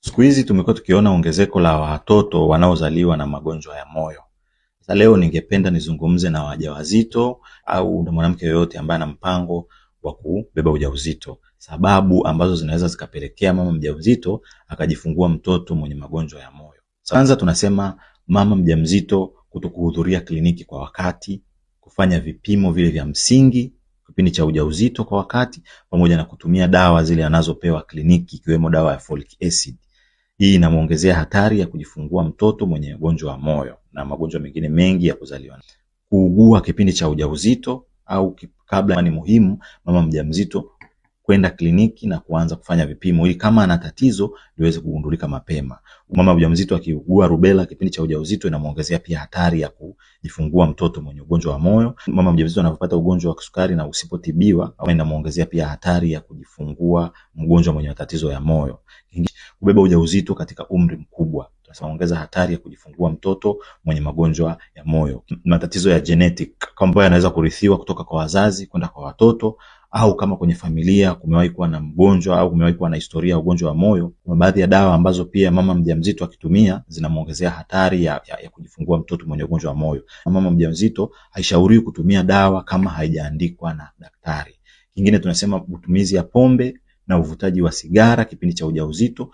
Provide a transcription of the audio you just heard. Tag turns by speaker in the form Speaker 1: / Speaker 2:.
Speaker 1: Siku hizi tumekuwa tukiona ongezeko la watoto wanaozaliwa na magonjwa ya moyo. Sasa leo ningependa nizungumze na wajawazito au na mwanamke yoyote ambaye ana mpango wa kubeba ujauzito, sababu ambazo zinaweza zikapelekea mama mjamzito akajifungua mtoto mwenye magonjwa ya moyo. Kwanza tunasema mama mjamzito kutokuhudhuria kliniki kwa wakati, kufanya vipimo vile vya msingi kipindi cha ujauzito kwa wakati, pamoja na kutumia dawa zile anazopewa kliniki ikiwemo dawa ya folic acid. Hii inamwongezea hatari ya kujifungua mtoto mwenye ugonjwa wa moyo na magonjwa mengine mengi ya kuzaliwa. Kuugua kipindi cha ujauzito au kabla ni muhimu mama mjamzito kwenda kliniki na kuanza kufanya vipimo ili kama ana tatizo liweze kugundulika mapema. Mama mjamzito akiugua rubela kipindi cha ujauzito inamuongezea pia hatari ya kujifungua mtoto mwenye ugonjwa wa moyo. Mama mjamzito anapopata ugonjwa wa kisukari na usipotibiwa, inamuongezea pia hatari ya kujifungua mgonjwa mwenye matatizo ya moyo. Kubeba ujauzito katika umri mkubwa tunaongeza hatari ya kujifungua mtoto mwenye magonjwa ya moyo. Matatizo ya genetic ambayo yanaweza kurithiwa kutoka kwa wazazi kwenda kwa watoto au kama kwenye familia kumewahi kuwa na mgonjwa au kumewahi kuwa na historia ya ugonjwa wa moyo, kuna baadhi ya dawa ambazo pia mama mjamzito akitumia zinamwongezea hatari ya, ya, ya kujifungua mtoto mwenye ugonjwa wa moyo. mama mjamzito haishauriwi kutumia dawa kama haijaandikwa na daktari. Kingine tunasema utumizi ya pombe na uvutaji wa sigara kipindi cha ujauzito